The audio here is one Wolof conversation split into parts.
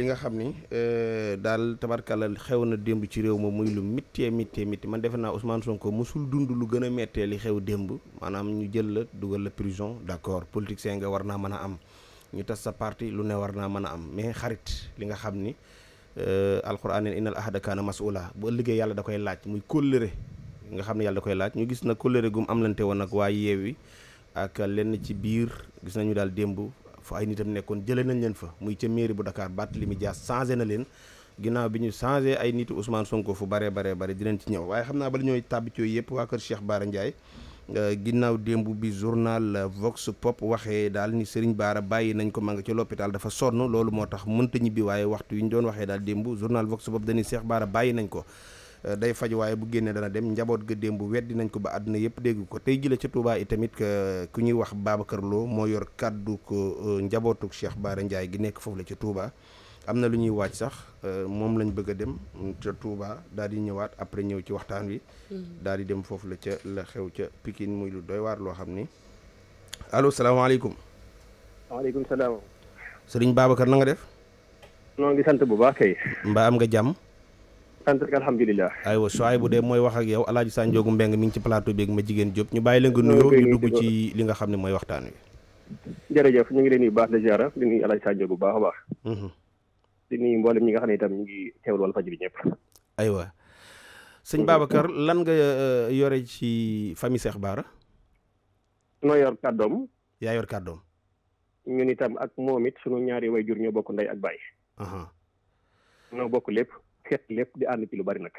li nga xam ni euh, daal tabarkala xew na démb ci réew ma muy lu mittee mittee mittee man defe naa Ousmane Sonko musul dund lu gën a mettee li xew démb maanaam ñu jël la dugal la prison d'accord politicien nga war naa mën a am ñu tas sa parti lu ne war naa mën a am mais xarit li nga xam ni euh, alquran in al ahada kaana masula bu liggéey yàlla da koy laaj muy kóllëre nga xam ne yàlla da koy laaj ñu gis na kóllëre gum am lante woon ak waa yeewi ak lenn ci biir gis nañu daal démb fa ay nitam nekkoon jëlee nañ leen fa muy ca mairie bu Dakar Barthélémy Dias changé na leen ginnaaw bi ñu changé ay nitu Ousmane Sonko fu baree baree bare dinañ ci ñëw waaye xam naa bala ñooy tàbbi ci yëpp waa kër Cheikh Bara Ndiaye euh, ginnaaw démb bi journal euh, Vox Pop waxee daal ni Serigne Bara bàyyi nañ ko ma nga ci l'hôpital dafa sonn loolu moo tax mënta ñibbi waaye waxtu yu ñu doon waxee daal démb journal Vox Pop dañuy Cheikh Bara bàyyi nañ ko Euh, day faj waaye bu génnee dana dem njaboot ga démb weddi nañ ko ba àdduna yëpp dégg ko tey jële ca Touba itamit euh, ku ñuy wax Babacar Lo moo yor kàddu ko euh, njabootuk Cheikh Bara Ndiaye gi nekk foofu la ca Touba am na lu ñuy waaj sax moom lañ bëgg a dem ca Touba daal di ñëwaat après ñëw ci waxtaan wi mm-hmm. daal di dem foofu la ca la xew ca Pikine muy lu doy waar loo xam ni allo salaamaaleykum waaleykum salaam sëriñ Babacar na nga def noo ngi sant bu baax kay mbaa nga jàmm antak alhamdulilah aywa Souaïbou de mooy wax ak yow alaaji Sanjoogu Mbeng mi ngi ci plateau bi ak ma jigéen Diop ñu bàyyi la nga nuyoo ñu dugg li nga xam ne mooy waxtaan jërëjëf ñu ngi leen di baax de ziara di nuyu alaaji Sanjoogu bu baax baax mhm. di nuyu mboolem ñi nga xam ne itam ñu ngi teewal Walfadjri ñëpp aywa sëñ mhm. Babacar lan nga euh, yore ci famille Cheikh Bara noo yor kàddoom yaa yor kàddoom ñun itam ak moom it sunu ñaari way jur ñoo bokk ndey ak baay noo bokk lépp seet lépp di ànd ci lu bari nag.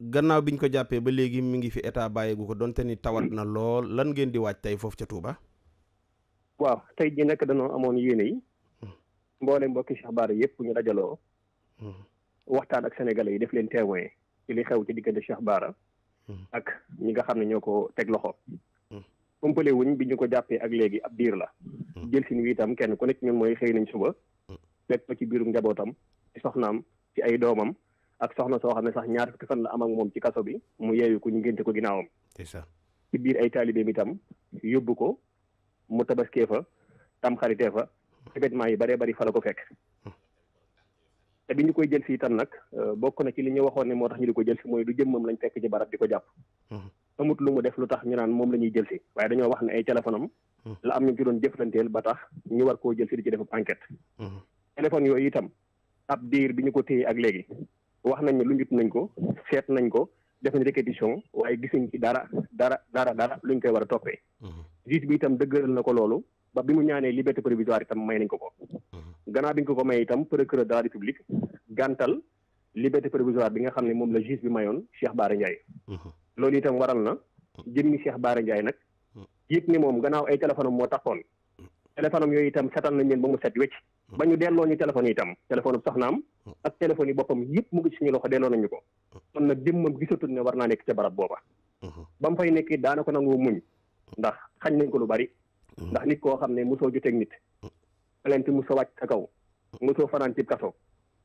gannaaw bi ñu ko jàppee ba léegi mi ngi fi état bàyyeegu ko donte ni tawat na lool lan ngeen di waaj tey foofu ca Touba. waaw tey jii nag danoo amoon yéene yi. Hmm. mboole mbokki Cheikh Bara yëpp ñu dajaloo. Hmm. waxtaan ak sénégalais yi def leen témoin ci li xew ci diggante Cheikh Bara. Hmm. ak ñi nga xam ne ñoo ko teg loxo. umpale wuñ bi ñu ko jàppee ak léegi ab biir la. jël si wi itam kenn ku nekk mooy xëy nañ suba. fekk ci biirum njabootam soxnaam ci ay doomam. ak soxna soo xam ne sax ñaar fukki fan la am moom ci kaso bi mu yeewu ko ñu ngénte ko ginnaawam ci biir ay taalibeem itam yóbbu ko mu tabaskee fa tam xaritee fa événement yi baree bari fa la ko fekk te bi ñu koy jël si tam nag euh, bokk na ci li ñu waxoon ne moo tax ñu di ko jël si mooy du jëmmam lañ fekk ci di ko jàpp hmm. amut lu mu def lu tax ñu naan moom la ñuy jël si waaye dañoo wax ne ay téléphone am hmm. la am ñu ci doon jëflanteel ba tax ñu war koo jël di ci def enquête hmm. téléphone yooyu itam ab diir bi ñu ko téye ak léegi wax nañ ne lu njut nañ ko seet nañ ko def nañ réquisition waaye gisuñ ci dara dara dara dara luñ koy war a toppee. Mhm. juge bi itam dëggëral na ko loolu ba bi mu ñaanee liberté provisoire itam may nañ ko ko. Mhm. gannaaw bi ñu ko ko may itam për procureur de la république gàntal liberté provisoire bi nga xam ne moom la juge bi mayoon Cheikh Bara Ndiaye. Mhm. loolu itam waral na jëmmi Cheikh Bara Ndiaye nag. yëg ni moom gannaaw ay téléphone moo tax téléphone am yooyu itam setal nañ leen ba mu set wecc. ba ñu delloo ñu téléphone yi itam téléphone bu soxnaam mm. ak téléphone yi boppam yëpp mu ngi suñu loxo delloo nañu ko mm. kon nag jëmmam gisatul ne war naa nekk ca barab booba mm-hmm. ba mu fay nekk daana ko nangoo muñ ndax xañ nañ ko lu bari mm. ndax nit koo xam ne mosoo joteeg nit plainte mosoo wàcc sa kaw mosoo fanaan ci kaso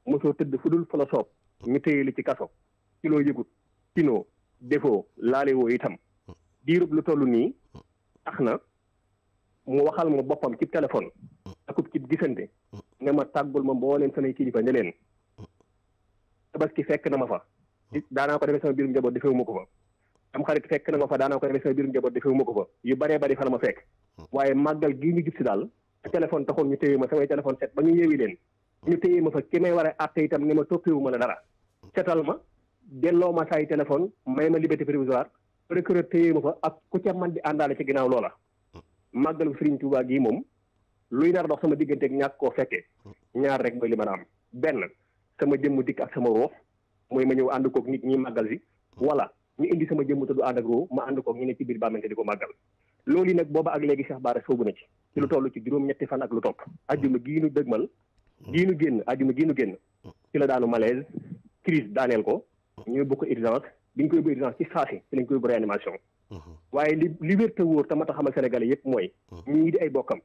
mosoo tëdd fu dul fa la soob ñu téye li ci kaso ci loo yëgut tinoo defoo laalewoo itam diirub lu toll nii tax na mu waxal ma boppam ci téléphone akub ci gisante ne ma tàggul ma mbooleem samay kilifa ne leen tabaski fekk na ma fa hmm. daanaa ko defee sama biirum njaboot defewu ma ko fa am xarit fekk na ma fa daanaa ko defee sama biirum njaboot defewu ma ko fa yu baree bari fa la ma fekk hmm. waaye màggal gii ñu jub si daal téléphone taxoon ñu téye ma samay téléphone set ba ñu yeewi leen ñu téye ma fa ki may war a àtte itam ne ma toppewu ma la dara setal ma delloo ma say téléphone may ma liberté provisoire procureur téye ma fa ak ku ca man di àndaale ci ginnaaw loola hmm. màggalu Sëriñ Tuubaa gii moom luy nar dox sama digganteeg ñàkk koo fekkee ñaar rek mooy li man a am benn sama jëmm dikk ak sama roof mooy ma ñëw ànd kook nit ñi màggal si wala ñu indi sama jëmm te du ànd ak roof ma ànd koog ñu ne ci biir bàmmante di ko màggal loolu yi nag booba ak léegi Cheikh Bara soobu na ci ci lu toll ci juróom-ñetti fan ak lu topp ajjuma gii nu dëgmal gii nu génn ajjuma gii nu génn ci la daanu malaise crise daaneel ko ñu yóbbu ko urgence bi ñu koy yóbbu urgence ci saasi ci lañ koy yóbbu réanimation Mm-hmm. waaye li li wér te wóor te ma tax xamal sénégalais yëpp mooy mm-hmm. ñu ngi di ay bokkam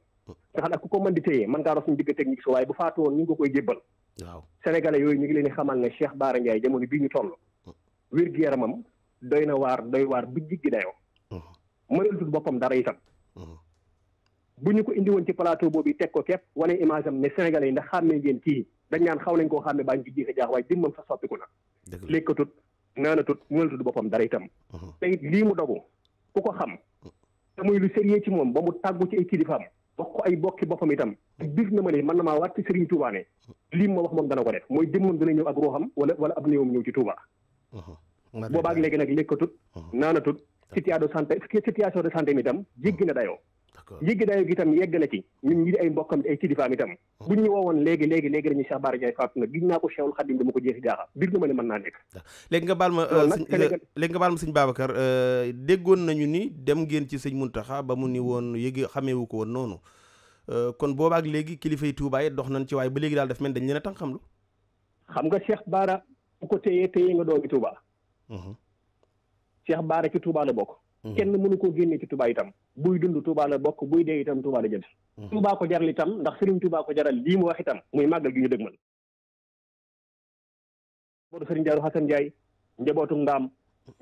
nga xam ak ko man di téye man ngaa ros ñu digg technique si waaye bu faatu woon ñu ngi ko koy jébbal waaw sénégalais yooyu ñu ngi leen di xamal ne Cheikh Bara Ndiaye jamono bii ñu toll mm-hmm. wér gu yaramam doy na waar doy waar bu jiggi dayoo mënul dul boppam dara bu ñu ko indi woon ci plateau boobu teg ko képp wane image am yi ndax xàmmee ngeen kii dañ naan xaw nañ koo xàmmee baa ñu ci jiixe jaax waaye dimmam sa soppiku na lékkatut naanatut mënatut boppam dara itam. Uh-huh. te lii mu dogu ku ko xam. te muy lu sérieux ci moom ba mu tàggu ci ay kilifaam. wax ay bokki boppam itam. biir na ma ne man na maa waat ci Serigne Touba ne. lii ma wax moom dana ko def mooy jëmmam dina ñëw ak ruuxam wala wala ab néewam ñëw ci Touba. Uh-huh. ak léegi nag lekkatut uh-huh. naanatut. situation de santé situation de santé mi tam jéggi na dayoo. jéggi dayoo gi itam yegg na ci ñun ñi di ay mbokkam ay kilifaam itam oh. buñ ñu woowoon léegi léegi léegi la seex Cheikh Bara Ndiaye faatu na giñ naa ko Cheikhul Khadim dama ko jeexi jaaxa biir na ma naa nekk léegi nga baal ma euh, euh, léegi nga baal ma sëñ Babacar euh, déggoon nañu ni dem ngeen ci sëñ Muntaxa ba mu ni mm-hmm. woon yëg xameewu ko woon noonu kon boobaak léegi kilifay tuubaay Tuubaa dox nañ ci waaye ba léegi daal daf mel dañ leen a tan xam lu xam nga Cheikh Bara bu ko téyee téyee nga doomi Tuubaa mm-hmm. Cheikh Bara ci Tuubaa la bokk Mhm. kenn mënu koo génnee ci tubaay itam buy dund Touba la bokk buy dee itam Touba la jëm mhm. Touba ko jaral itam ndax Serigne Touba ko jaral lii mu wax itam muy màggal gi ñu dëgmal njabootu Serigne Darou Hassane Ndiaye njabootu ndam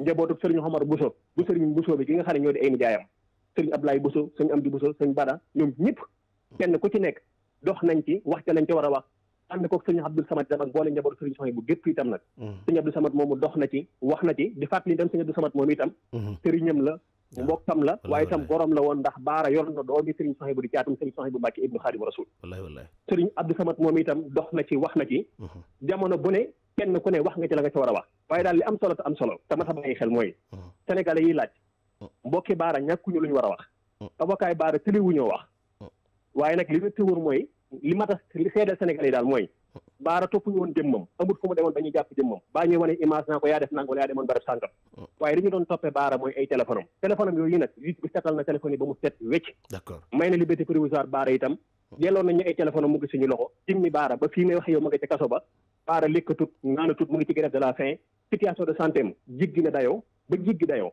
njabootu Serigne Omar Bousso bu Serigne Bousso bi ki nga xam ne ñoo di ay nijaayam Serigne Ablaye Bousso Serigne Amdi Bousso Serigne Bada ñoom ñëpp kenn ku ci nekk dox nañ ci wax ca lañ ca war a wax ànd koog sëñ Abdou Samad itam ak boole njabootu sëriñ Sohaybou gépp itam nag mm. dox na ci wax na ci di fàttali itam sëñ Abdou Samad moomu itam mm-hmm. sëriñam la mbokkam la waaye itam borom la woon ndax baara yor na doomi sëriñ Sohaybou di caatum sëriñ Sohaybou Mbàkke ibnu Xaadimu Rasuul Samad moomu itam dox na ci wax na ci mm-hmm. jamono bu ne kenn ku ne wax nga ci la nga ci war a wax waaye daal li am solo te am solo te mat a bàyyi xel mooy mm-hmm. sénégalais yiy laaj mbokki baara ñàkkuñu lu ñu war a wax abokkaay baara tëliwuñoo wax waaye nag li ñu tëwër mooy li mat a li seedal Sénégal yi daal mooy baara toppuñu woon jëmmam amul fu mu demoon dañuy jàpp jëmmam baa ñuy wane image naa ko yaa def nanga wala yaa demoon barab sàngam waaye li ñu doon toppee baara mooy ay téléphone am yooyu nag juge setal na téléphone mu set wecc loxo jimmi baara ba fii may wax yow ma nga ca kaso ba baara lekkatut naanatut mu ngi ci grève de la faim situation de santé jiggi na dayoo ba jiggi dayoo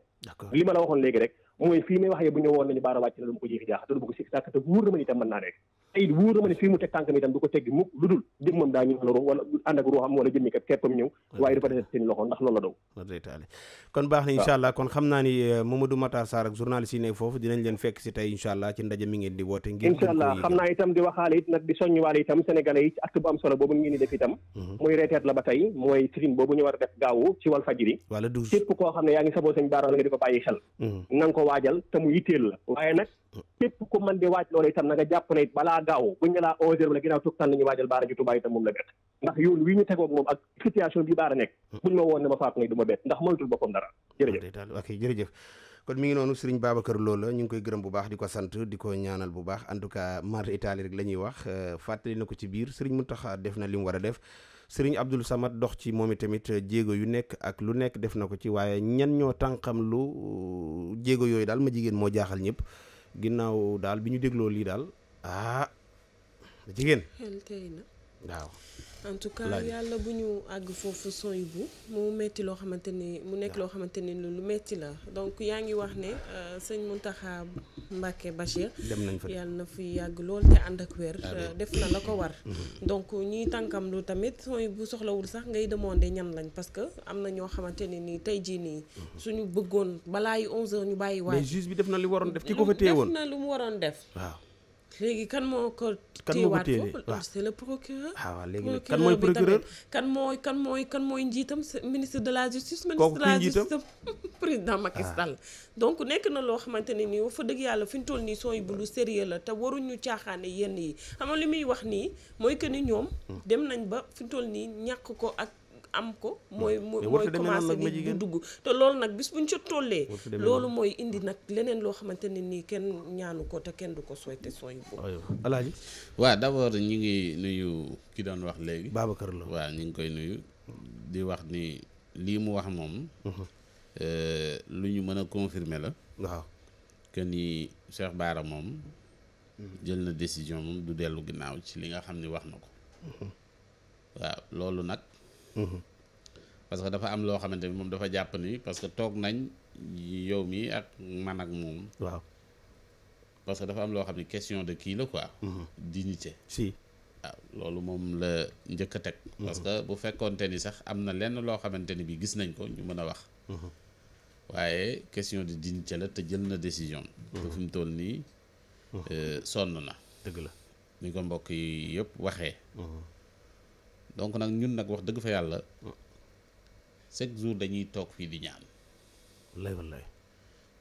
li la waxoon léegi rek it wóor na ma ne la doon kon baax na incha allah kon xam naa ni eh, Mamadou Matar Sarr ci ndaje mi ngeen di woote ngir di waxaale it itam sénégalais yi ci acte am solo boobu ngeen di def itam mhm. muy reeteet la ba tey mooy stream boobu ñu a def gaawu ci wal fajiri wala képp koo xam ne yaa ngi saboo sañ baaroo nga di ko bàyyi xel mhm. na ko waajal te yitteel la waaye nag mhm. képp ku mën di waaj loolu itam na nga jàpp ne balaa gaaw buñ ne laa onze heures wala ginnaaw tuktaan nañu waajal baara ju Tuubaa itam moom la bett ndax yoon wi ñu tegoog moom ak situation bi baara nekk hmm. buñ ma woon ne ma faatu ngay du ma bett ndax moytul boppam dara jërëjëf daal ok jërëjëf kon mi ngi noonu Serigne Babacar Lo ñu ngi koy gërëm bu baax di ko sant di ko ñaanal bu baax en tout cas mar Italie rek la ñuy wax euh, fàttali na ko ci biir Serigne Mountakha def na li mu war a def Serigne Abdoul Samad dox ci moom i tamit euh, jéego yu nekk ak lu nekk def na ko ci waaye ñan ñoo tànqam lu euh, jéego yooyu daal ma jigéen moo jaaxal ñëpp ginnaaw daal bi ñu dégloo lii daal ah jigéen. waaw. en tout cas yàlla bu ñu àgg foofu son yi bu mu metti loo xamante ne mu nekk loo xamante ne lu metti la donc yaa ngi wax ne euh, sëñ Mountakha Mbacké Bachir dem nañ fa yàlla na fi yàgg lool te ànd ak wér euh, def na la ko war mm-hmm. donc ñi tànkam lu tamit son yi bu soxlawul sax ngay demandé ñan lañ parce que am na ñoo xamante ne nii tey jii nii mm-hmm. suñu bëggoon balaa yi onze heures ñu bàyyi waay mais juge bi def na lu waroon def ki ko fa téye woon def na lu mu waroon def waaw léegi kan moo ko. kan moo ko téye waaw c'est le procureur. Ah, waaw léegi nag kan mooy procureur kan mooy kan mooy kan mooy njiitam ministre de la justice. ministre de la justice président Macky ah. Sall. donc nekk na loo xamante ne nii fa dëgg yàlla fi ñu toll nii son yi lu sérieux la te waruñu caaxaane yenn yi xam nga li muy wax nii mooy que ni ñoom. Hmm. dem nañ ba fi ñu nii ñàkk ko ak. am ko mooy mooy commencé di dugg te loolu nag bis buñ ca tollee loolu mooy indi nag leneen loo xamante ne nii kenn ñaanu ko te kenn du ko souhaité son yu boobu alaaji waaw d'abord ñi ngi nuyu ki doon wax léegi Babacar la waaw ñi ngi koy nuyu di wax ni lii mu wax moom uh-huh. euh, lu ñu mën a confirmer la waaw que ni baara moom uh-huh. jël na décision moom du dellu ginnaaw ci li nga xam ni wax na ko uh-huh. waaw loolu nag parce que dafa am loo xamante ni moom dafa jàpp ni parce que toog nañ yow mii ak man ak moom. waaw parce que dafa am loo xam ne question de kii la quoi. Mhm. dignité si. waaw ah, loolu moom la njëkk a teg mhm. parce que bu fekkoonte ni sax am na lenn loo xamante ni bi gis nañ ko ñu mën a wax mhm. waaye question de dignité la te jël na décision te fi mu toll nii euh, sonn na dëgg la ni ko mbokk yi yëpp donc nag ñun nag wax dëgg fa yàlla mm. chaque jour dañuy toog fii di ñaan. wallaay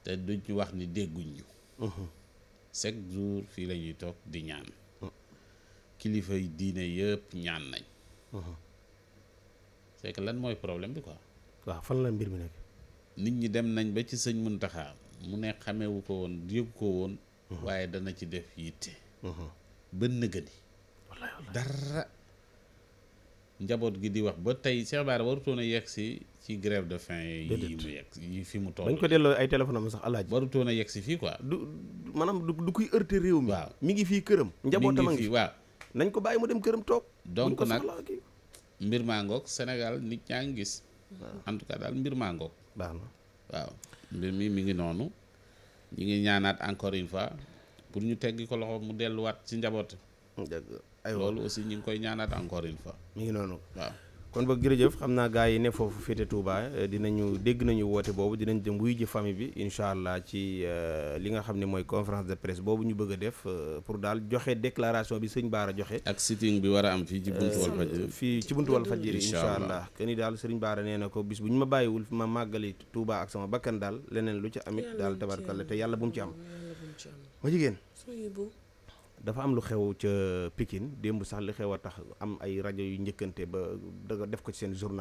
te duñ wax ni dégguñ ñu. Mm-hmm. jour fii lañuy toog di ñaan. Mm. kilifa diine yëpp ñaan nañ. Mm-hmm. c'est lan mooy problème bi quoi. waaw fan la mbir mi nekk. nit ñi dem nañ ba ci sëñ Muntaxa mu ne xamewu ko woon yëg ko woon. Mm-hmm. waaye dana ci def yitte. ba nëgëni. dara njaboot gi di wax ba tey Cheikh Bara warutoon a yegg si ci grève de fin yi mu yegg yi fi mu toll. dañ ko delloo ay téléphone am sax alaaj warutoon a yegg fii quoi du maanaam du kuy heurter réew mi mi ngi fii këram njabootam a ngi fii waaw nañ ko bàyyi mu dem këram toog donc nag mbir maa ngoog Sénégal nit ñaa ngi gis en daal mbir maa ngoog baax na waaw mbir mi mi ngi noonu ñi ngi ñaanaat encore une fa pour ñu tegg ko loxo mu delluwaat si njaboot loolu aussi ñu ngi koy ñaanaat encore une fois mi ngi noonu kon ba jërëjëf xam naa gars yi ne foofu féete eh, dina ñu dégg nañu woote boobu dinañ dem wuy ji famille bi incha allah ci eh, li nga xam ne mooy conférence de presse boobu ñu bëgg a def eh, pour daal joxe déclaration bi sëñ Baara joxe. ak sitting bi war a am fii ci buntu Walfadjri. fii ci buntu Walfadjri incha allah que ni daal sëriñ Baara nee na ko bis bu ñu ma bàyyiwul ma màggali Touba ak sama bakkan daal leneen lu ci amit daal tabarkalla te yàlla bu mu ci am dafa am lu xew ca pikin démb sax li xew a tax am ay rajo yu njëkkante ba def ko ci seen journal